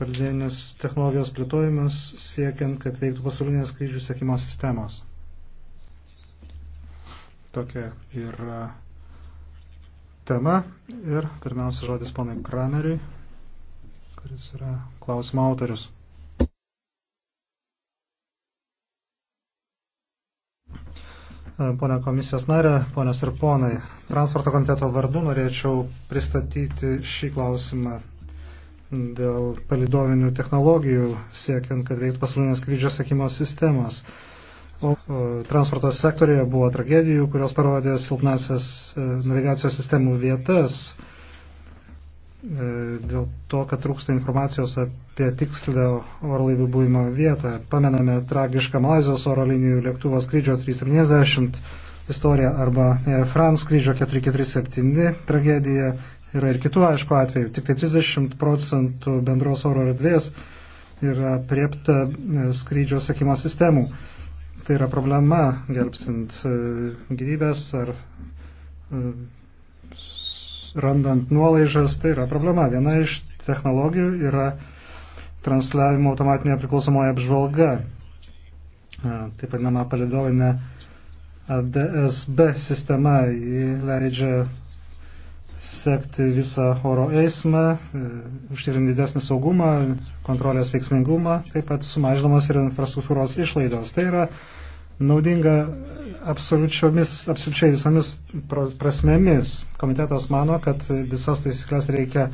pradienis technologijos plėtojimas siekiant, kad veiktų pasaulinės skrydžių sėkimo sistemos. Tokia yra tema ir pirmiausia žodis ponai Krameriui, kuris yra klausimo autorius. Pone komisijos narė, ponios ir ponai, transporto komiteto vardu norėčiau pristatyti šį klausimą dėl palidovinių technologijų, siekiant, kad veiktų pasaulinės skrydžio sekimo sistemos. O, o transporto sektorėje buvo tragedijų, kurios parodė silpnasias e, navigacijos sistemų vietas e, dėl to, kad trūksta informacijos apie tikslę orlaivių buvimo vietą. Pamename tragišką Malazijos oro linijų lėktuvo skrydžio 370 istoriją arba e, France skrydžio 447 tragediją Yra ir kitų, aišku, atvejų. Tik tai 30 procentų bendros oro erdvės yra priepta e, skrydžio sekimo sistemų. Tai yra problema, gelbstint e, gyvybės ar e, randant nuolaižas, tai yra problema. Viena iš technologijų yra transliavimo automatinė priklausomoji apžvalga, taip vadinama palidovinė DSB sistema, ji leidžia sekti visą oro eismą, e, užtikrinti didesnį saugumą, kontrolės veiksmingumą, taip pat sumažinamos ir infrastruktūros išlaidos. Tai yra naudinga absoliučiai visomis prasmėmis. Komitetas mano, kad visas taisyklės reikia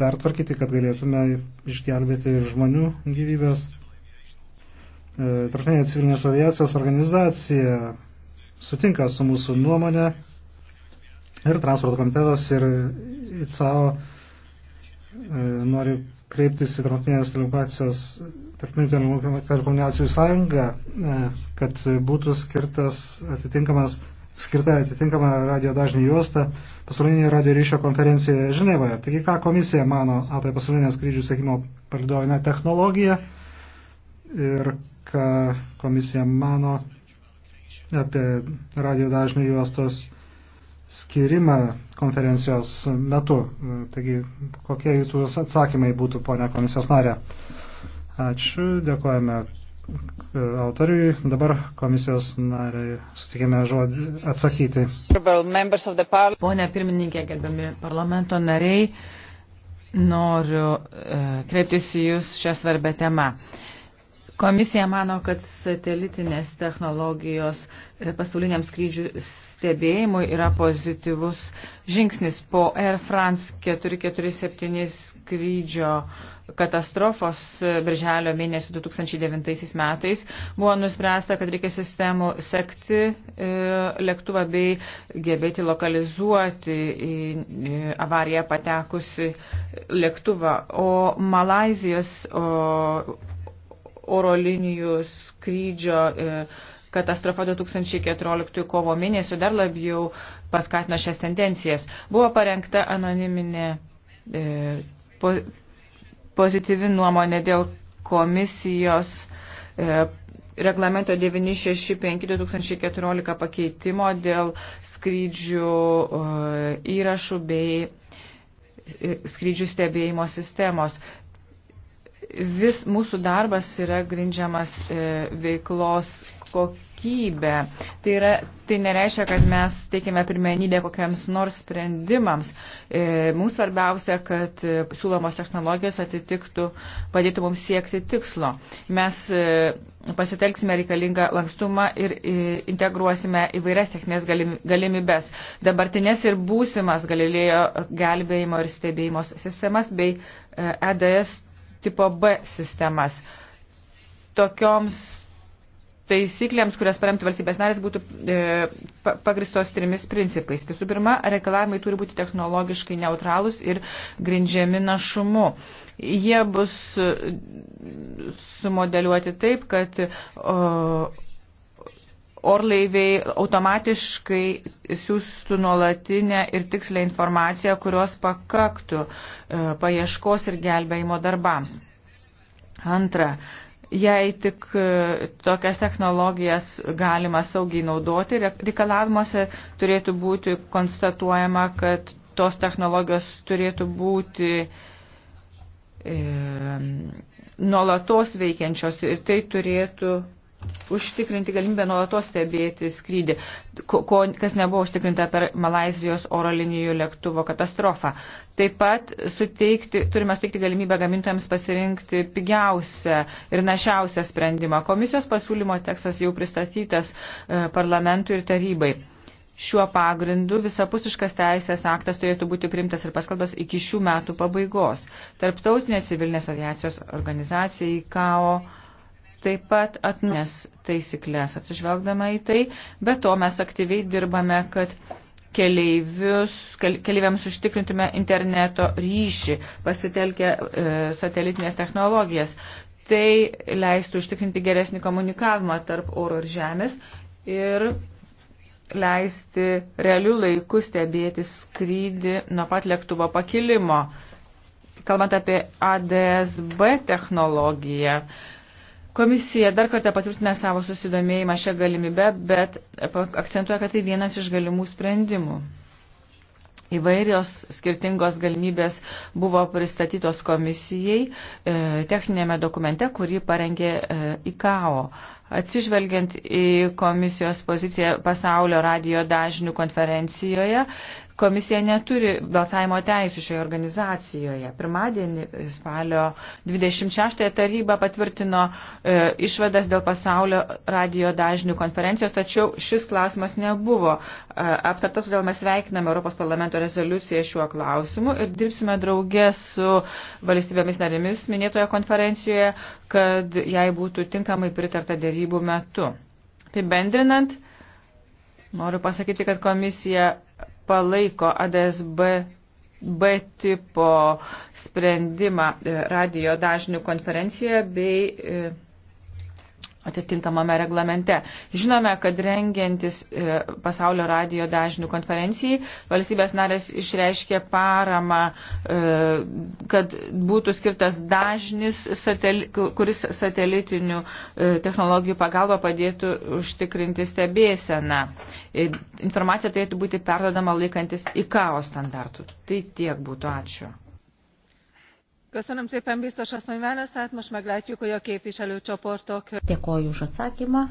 pertvarkyti, kad galėtume išgelbėti žmonių gyvybės. E, Tarptautinė civilinės aviacijos organizacija sutinka su mūsų nuomonė Ir transporto komitetas ir ICAO e, nori kreiptis į tarptautinės telekomunikacijos, tarptautinių telekomunikacijų sąjungą, e, kad būtų skirtas atitinkamas, skirta atitinkama radio dažnį juostą pasaulinėje radio ryšio konferencijoje Ženevoje. Taigi, ką komisija mano apie pasaulinės skrydžių sėkimo palidovinę technologiją ir ką komisija mano apie radio dažnį juostos skirimą konferencijos metu. Taigi, kokie jūsų atsakymai būtų, ponia komisijos narė? Ačiū, dėkojame e, autoriui. Dabar komisijos nariai sutikėme žodį atsakyti. Pone pirmininkė, gerbiami parlamento nariai, noriu e, kreiptis į Jūs šią svarbę temą. Komisija mano, kad satelitinės technologijos pasauliniam skrydžių stebėjimui yra pozityvus žingsnis po Air France 447 skrydžio katastrofos birželio mėnesį 2009 metais. Buvo nuspręsta, kad reikia sistemų sekti e, lėktuvą bei gebėti lokalizuoti į avariją patekusi lėktuvą. O Malazijos o oro linijų skrydžio e, katastrofa 2014 kovo mėnesio dar labiau paskatino šias tendencijas. Buvo parengta anoniminė e, po, pozityvi nuomonė dėl komisijos e, reglamento 965-2014 pakeitimo dėl skrydžių įrašų bei skrydžių stebėjimo sistemos vis mūsų darbas yra grindžiamas e, veiklos kokybė. Tai, yra, tai nereiškia, kad mes teikime pirmenybę kokiems nors sprendimams. E, mums svarbiausia, kad e, siūlomos technologijos atitiktų, padėtų mums siekti tikslo. Mes pasitelksime reikalingą lankstumą ir integruosime įvairias techninės galimybės, dabartinės ir būsimas galilėjo gelbėjimo ir stebėjimo sistemas bei EDS tipo B sistemas. Tokioms taisyklėms, kurias paremtų valstybės narės, būtų e, pagristos trimis principais. Visų pirma, reikalavimai turi būti technologiškai neutralūs ir grindžiami našumu. Jie bus e, sumodeliuoti taip, kad o, orlaiviai automatiškai siūstų nuolatinę ir tikslę informaciją, kurios pakaktų e, paieškos ir gelbėjimo darbams. Antra, jei tik e, tokias technologijas galima saugiai naudoti, reikalavimuose turėtų būti konstatuojama, kad tos technologijos turėtų būti e, nuolatos veikiančios ir tai turėtų užtikrinti galimybę nuolatos stebėti skrydį, ko, kas nebuvo užtikrinta per Malazijos oro linijų lėktuvo katastrofą. Taip pat suteikti, turime suteikti galimybę gamintojams pasirinkti pigiausią ir našiausią sprendimą. Komisijos pasiūlymo tekstas jau pristatytas e, parlamentui ir tarybai. Šiuo pagrindu visapusiškas teisės aktas turėtų būti primtas ir paskalbas iki šių metų pabaigos. Tarptautinė civilinės aviacijos organizacija ICAO taip pat atnės taisyklės atsižvelgdama į tai, bet to mes aktyviai dirbame, kad keleiviams užtikrintume interneto ryšį, pasitelkę e, satelitinės technologijas. Tai leistų užtikrinti geresnį komunikavimą tarp oro ir žemės ir leisti realių laikų stebėti skrydį nuo pat lėktuvo pakilimo. Kalbant apie ADSB technologiją, e, Komisija dar kartą patvirtina savo susidomėjimą šią galimybę, bet e, akcentuoja, kad tai vienas iš galimų sprendimų. Įvairios skirtingos galimybės buvo pristatytos komisijai e, techninėme dokumente, kurį parengė e, ICAO. Atsižvelgiant į komisijos poziciją pasaulio radio dažnių konferencijoje, Komisija neturi balsavimo teisų šioje organizacijoje. Pirmadienį spalio 26 taryba patvirtino e, išvadas dėl pasaulio radio dažnių konferencijos, tačiau šis klausimas nebuvo e, aptartas, todėl mes veikiname Europos parlamento rezoliuciją šiuo klausimu ir dirbsime draugė su valstybėmis narėmis minėtoje konferencijoje, kad jai būtų tinkamai pritarta dėrybų metu. Apibendrinant, noriu pasakyti, kad komisija palaiko ADSB B tipo sprendimą e, radio dažnių konferencijoje bei e, atitinkamame reglamente. Žinome, kad rengiantis e, pasaulio radio dažnių konferencijai, valstybės narės išreiškė paramą, e, kad būtų skirtas dažnis, kuris satelitinių e, technologijų pagalba padėtų užtikrinti stebėseną. Informacija turėtų būti perdodama laikantis ICAO standartų. Tai tiek būtų. Ačiū. Köszönöm szépen biztos asszony válaszát, most meglátjuk, hogy a képviselőcsoportok. Dėkoju už atsakymą,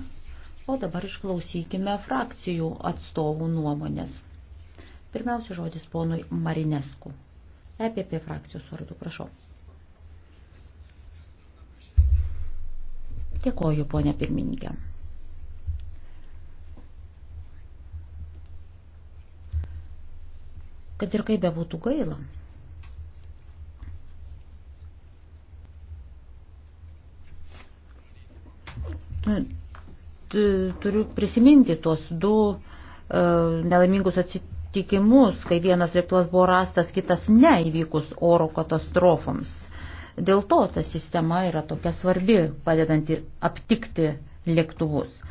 o dabar išklausykime frakcijų atstovų nuomonės. Pirmiausia žodis ponui Marinesku. EPP frakcijos vardu, prašau. Dėkoju, ponė pirmininkė. Kad ir kaip bebūtų gaila, turiu prisiminti tuos du e, nelaimingus atsitikimus, kai vienas lėktuvas buvo rastas, kitas ne įvykus oro katastrofoms. Dėl to ta sistema yra tokia svarbi, padedanti aptikti lėktuvus.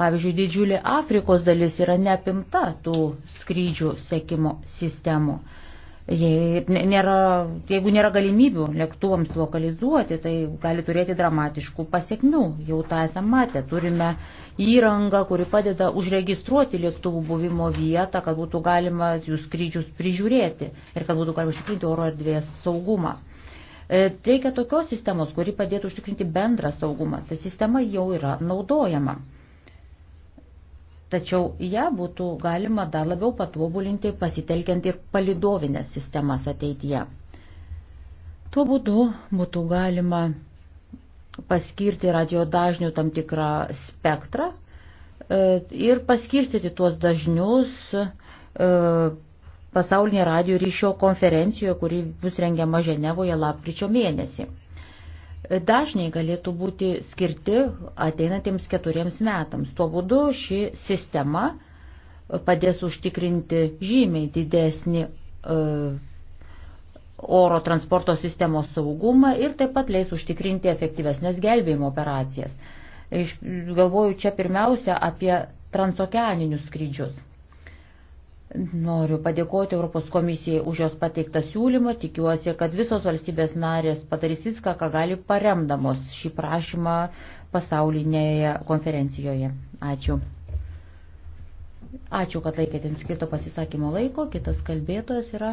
Pavyzdžiui, didžiulė Afrikos dalis yra neapimta tų skrydžių sekimo sistemų. Jei nėra, jeigu nėra galimybių lėktuvams lokalizuoti, tai gali turėti dramatiškų pasiekmių. Jau tą esame matę. Turime įrangą, kuri padeda užregistruoti lėktuvų buvimo vietą, kad būtų galima jų skrydžius prižiūrėti ir kad būtų galima užtikrinti oro erdvės saugumą. E, reikia tokios sistemos, kuri padėtų užtikrinti bendrą saugumą. Ta sistema jau yra naudojama. Tačiau ją būtų galima dar labiau patobulinti, pasitelkiant ir palidovinės sistemas ateityje. Tuo būdu būtų galima paskirti radio dažnių tam tikrą spektrą e, ir paskirstyti tuos dažnius e, pasaulinėje radio ryšio konferencijoje, kuri bus rengiama Ženevoje lapkričio mėnesį dažniai galėtų būti skirti ateinatiems keturiems metams. Tuo būdu ši sistema padės užtikrinti žymiai didesnį e, oro transporto sistemos saugumą ir taip pat leis užtikrinti efektyvesnės gelbėjimo operacijas. Iš, galvoju čia pirmiausia apie transokeaninius skrydžius. Noriu padėkoti Europos komisijai už jos pateiktą siūlymą. Tikiuosi, kad visos valstybės narės padarys viską, ką gali paremdamos šį prašymą pasaulinėje konferencijoje. Ačiū. Ačiū, kad laikėte jums skirto pasisakymo laiko. Kitas kalbėtojas yra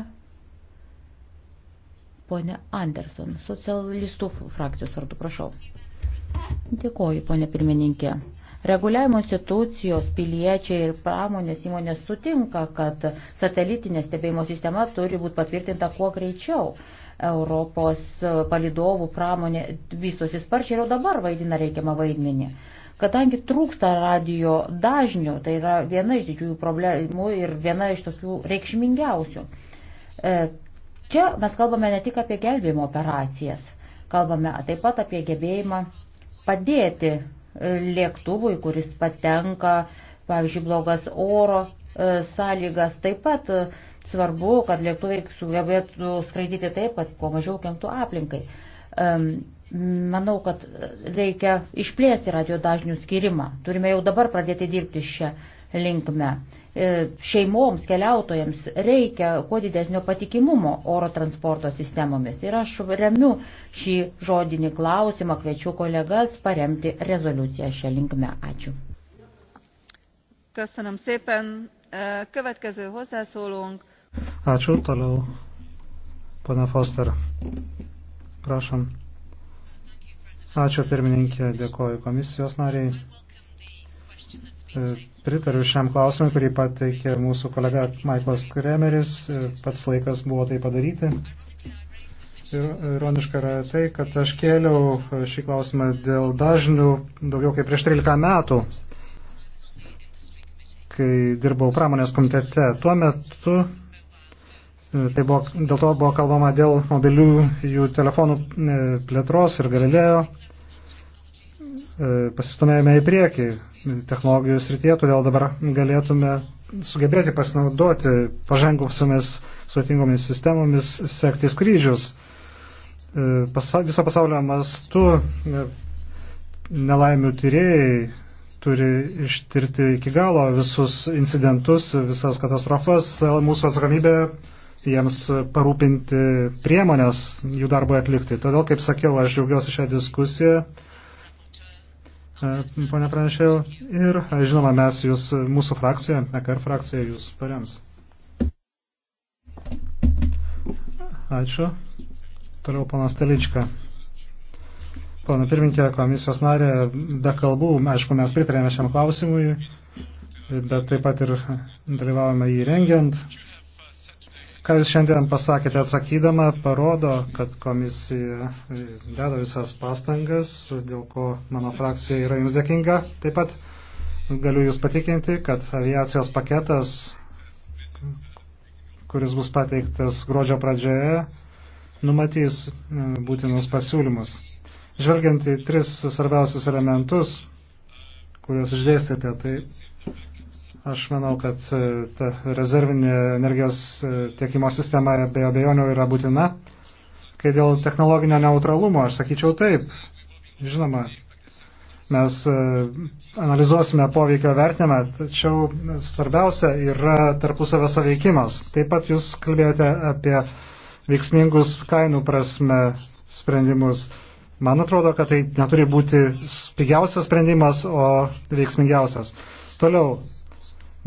ponė Anderson, socialistų frakcijos vardu, prašau. Dėkoju, ponė pirmininkė. Reguliavimo institucijos, piliečiai ir pramonės įmonės sutinka, kad satelitinė stebėjimo sistema turi būti patvirtinta kuo greičiau. Europos palidovų pramonė vystosi sparčiai ir jau dabar vaidina reikiamą vaidmenį. Kadangi trūksta radio dažnių, tai yra viena iš didžiųjų problemų ir viena iš tokių reikšmingiausių. E, čia mes kalbame ne tik apie gelbėjimo operacijas, kalbame taip pat apie gebėjimą padėti lėktuvui, kuris patenka, pavyzdžiui, blogas oro e, sąlygas. Taip pat e, svarbu, kad lėktuvai sugebėtų skraidyti taip, kad kuo mažiau kenktų aplinkai. Manau, kad reikia išplėsti radio dažnių skirimą. Turime jau dabar pradėti dirbti šią linkme. E, šeimoms, keliautojams reikia kuo didesnio patikimumo oro transporto sistemomis. Ir aš remiu šį žodinį klausimą, kviečiu kolegas paremti rezoliuciją šią linkmę. Ačiū. Köszönöm szépen. E, következő hozzászólónk. Ačiū, toliau. Pane Foster, prašom. Ačiū pirmininkė, dėkoju komisijos nariai. E, pritariu šiam klausimui, kurį pateikė mūsų kolega Michaelas Kremeris. Pats laikas buvo tai padaryti. Ir ironiška yra tai, kad aš kėliau šį klausimą dėl dažnių daugiau kaip prieš 13 metų, kai dirbau pramonės komitete. Tuo metu e, Tai buvo, dėl to buvo kalbama dėl mobiliųjų telefonų e, plėtros ir galilėjo E, pasistumėjome į priekį technologijų srityje, todėl dabar galėtume sugebėti pasinaudoti pažengusiamis sudėtingomis sistemomis, sekti skrydžius. E, pasa, viso pasaulio mastu e, nelaimių tyrėjai turi ištirti iki galo visus incidentus, visas katastrofas. Mūsų atsakomybė jiems parūpinti priemonės jų darbui atlikti. Todėl, kaip sakiau, aš džiaugiuosi šią diskusiją Pone pranešėjau, ir žinoma, mes jūs, mūsų frakcija, EKR frakcija jūs parems. Ačiū. Toliau panas Teličką. Pana pirminkė, komisijos narė, be kalbų, aišku, mes pritarėme šiam klausimui, bet taip pat ir dalyvavome jį rengiant. Ką Jūs šiandien pasakėte atsakydama, parodo, kad komisija deda visas pastangas, dėl ko mano frakcija yra Jums dėkinga. Taip pat galiu Jūs patikinti, kad aviacijos paketas, kuris bus pateiktas gruodžio pradžioje, numatys e, būtinus pasiūlymus. Žvelgiant į tris svarbiausius elementus, kuriuos išdėstėte, tai Aš manau, kad e, ta rezervinė energijos e, tiekimo sistema be abejonių yra būtina. Kai dėl technologinio neutralumo, aš sakyčiau taip. Žinoma, mes e, analizuosime poveikio vertinimą, tačiau svarbiausia yra tarpusavio saveikimas. Taip pat jūs kalbėjote apie veiksmingus kainų prasme sprendimus. Man atrodo, kad tai neturi būti pigiausias sprendimas, o veiksmingiausias. Toliau,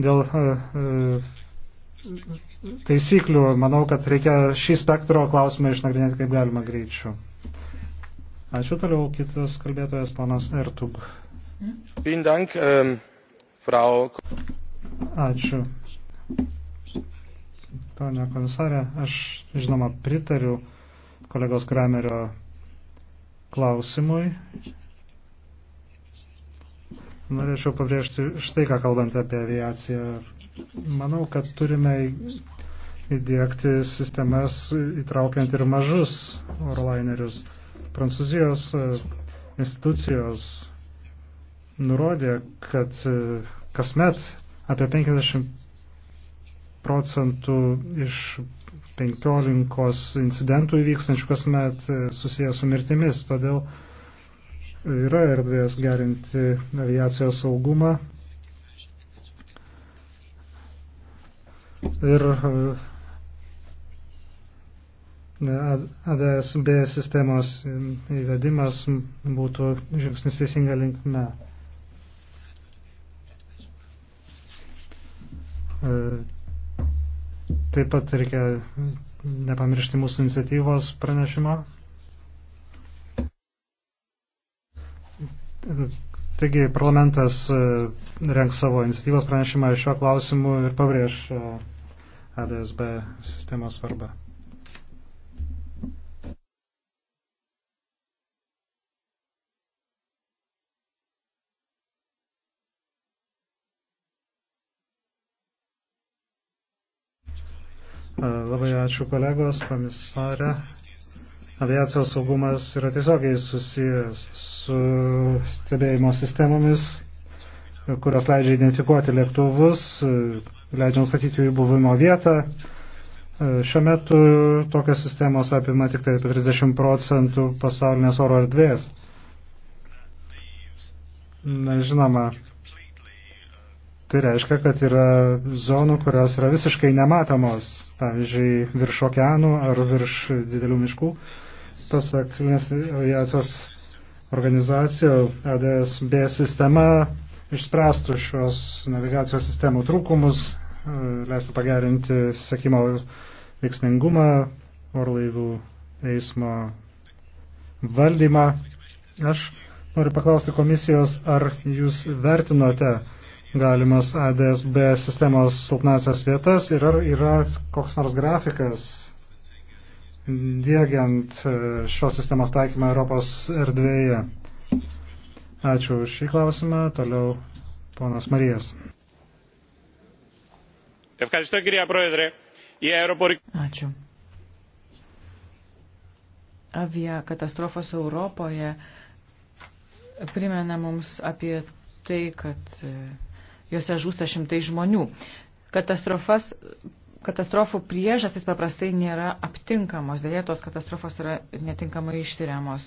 dėl e, e, taisyklių, manau, kad reikia šį spektro klausimą išnagrinėti kaip galima greičiau. Ačiū toliau, kitas kalbėtojas panas Ertug. Ähm, Ačiū. Pane komisarė, aš žinoma pritariu kolegos Kramerio klausimui Norėčiau pabrėžti štai ką kalbant apie aviaciją. Manau, kad turime įdėkti sistemas įtraukiant ir mažus orlainerius. Prancūzijos e, institucijos nurodė, kad e, kasmet apie 50 procentų iš 15 incidentų įvykstančių kasmet e, susijęs su mirtimis. Todėl Yra erdvės gerinti aviacijos saugumą. Ir e, ADSB sistemos įvedimas būtų žingsnis teisinga linkme. E, taip pat reikia nepamiršti mūsų iniciatyvos pranešimo. Taigi parlamentas e, renks savo iniciatyvos pranešimą šiuo klausimu ir pabrėž e, ADSB sistemos svarbą. E, labai ačiū kolegos, komisarė aviacijos saugumas yra tiesiogiai susijęs su stebėjimo sistemomis, kurios leidžia identifikuoti lėktuvus, leidžia nustatyti jų buvimo vietą. Šiuo metu tokios sistemos apima tik tai 30 procentų pasaulinės oro erdvės. Na, žinoma, tai reiškia, kad yra zonų, kurios yra visiškai nematomos, pavyzdžiui, virš okeanų ar virš didelių miškų. Uh, Pasak civilinės aviacijos organizacijų, ADSB sistema išspręstų šios navigacijos sistemų trūkumus, e, leistų pagerinti sekimo veiksmingumą, orlaivių eismo valdymą. Aš noriu paklausti komisijos, ar jūs vertinote galimas ADSB sistemos silpnasias vietas ir ar yra koks nors grafikas dėgiant e, šios sistemos taikymą Europos erdvėje? Ačiū už šį klausimą. Toliau ponas Marijas. Ačiū. Avia katastrofos Europoje primena mums apie tai, kad e, jose žūsta šimtai žmonių. Katastrofas katastrofų priežastys paprastai nėra aptinkamos, dėja tos katastrofos yra netinkamai ištiriamos.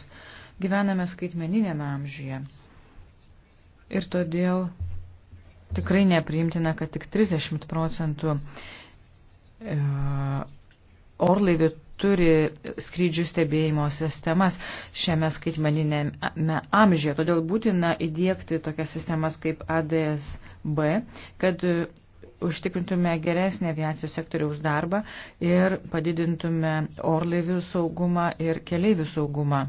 Gyvename skaitmeninėme amžiuje. Ir todėl tikrai nepriimtina, kad tik 30 procentų e, orlaivių turi skrydžių stebėjimo sistemas šiame skaitmeninėme amžiuje. Todėl būtina įdėkti tokias sistemas kaip ADS-B, kad užtikrintume geresnį aviacijos sektoriaus darbą ir padidintume orlaivių saugumą ir keleivių saugumą.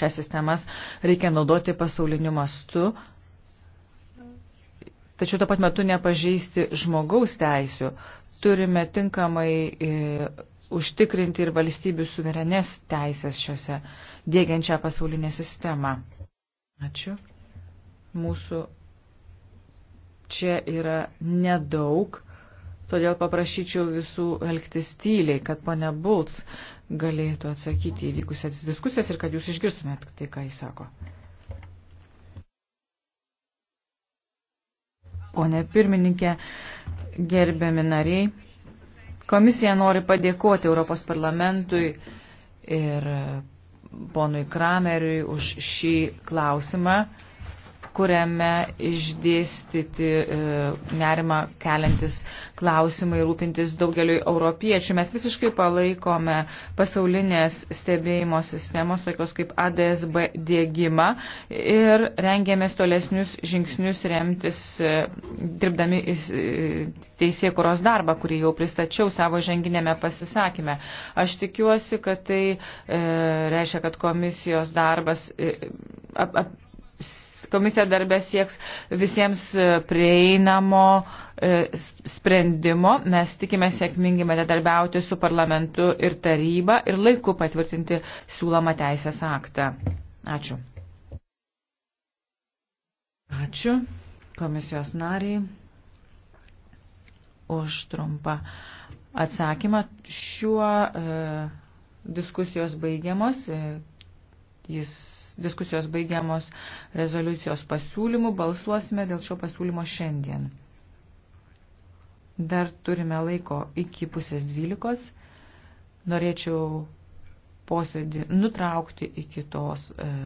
Šias sistemas reikia naudoti pasauliniu mastu, tačiau tuo pat metu nepažeisti žmogaus teisių. Turime tinkamai e, užtikrinti ir valstybių suverenės teisės šiuose dėgiančią pasaulinę sistemą. Ačiū. Mūsų čia yra nedaug, todėl paprašyčiau visų elgtis tyliai, kad pane Bults galėtų atsakyti į vykusias diskusijas ir kad jūs išgirstumėt tai, ką jis sako. Pone pirmininkė, gerbiami nariai, komisija nori padėkoti Europos parlamentui ir ponui Krameriui už šį klausimą kuriame išdėstyti e, nerima keliantis klausimai rūpintis daugeliu europiečių. Mes visiškai palaikome pasaulinės stebėjimo sistemos, tokios kaip ADSB dėgymą ir rengėmės tolesnius žingsnius remtis, e, dirbdami e, teisėkuros darbą, kurį jau pristačiau savo ženginėme pasisakyme. Aš tikiuosi, kad tai e, reiškia, kad komisijos darbas. E, ap, ap, komisija darbė sieks visiems e, prieinamo e, sprendimo. Mes tikime sėkmingai bendradarbiauti su parlamentu ir taryba ir laiku patvirtinti siūlomą teisės aktą. Ačiū. Ačiū komisijos nariai už trumpą atsakymą. Šiuo e, diskusijos baigiamos. E, Jis diskusijos baigiamos rezoliucijos pasiūlymų, balsuosime dėl šio pasiūlymo šiandien. Dar turime laiko iki pusės dvylikos. Norėčiau posėdį nutraukti iki tos. E,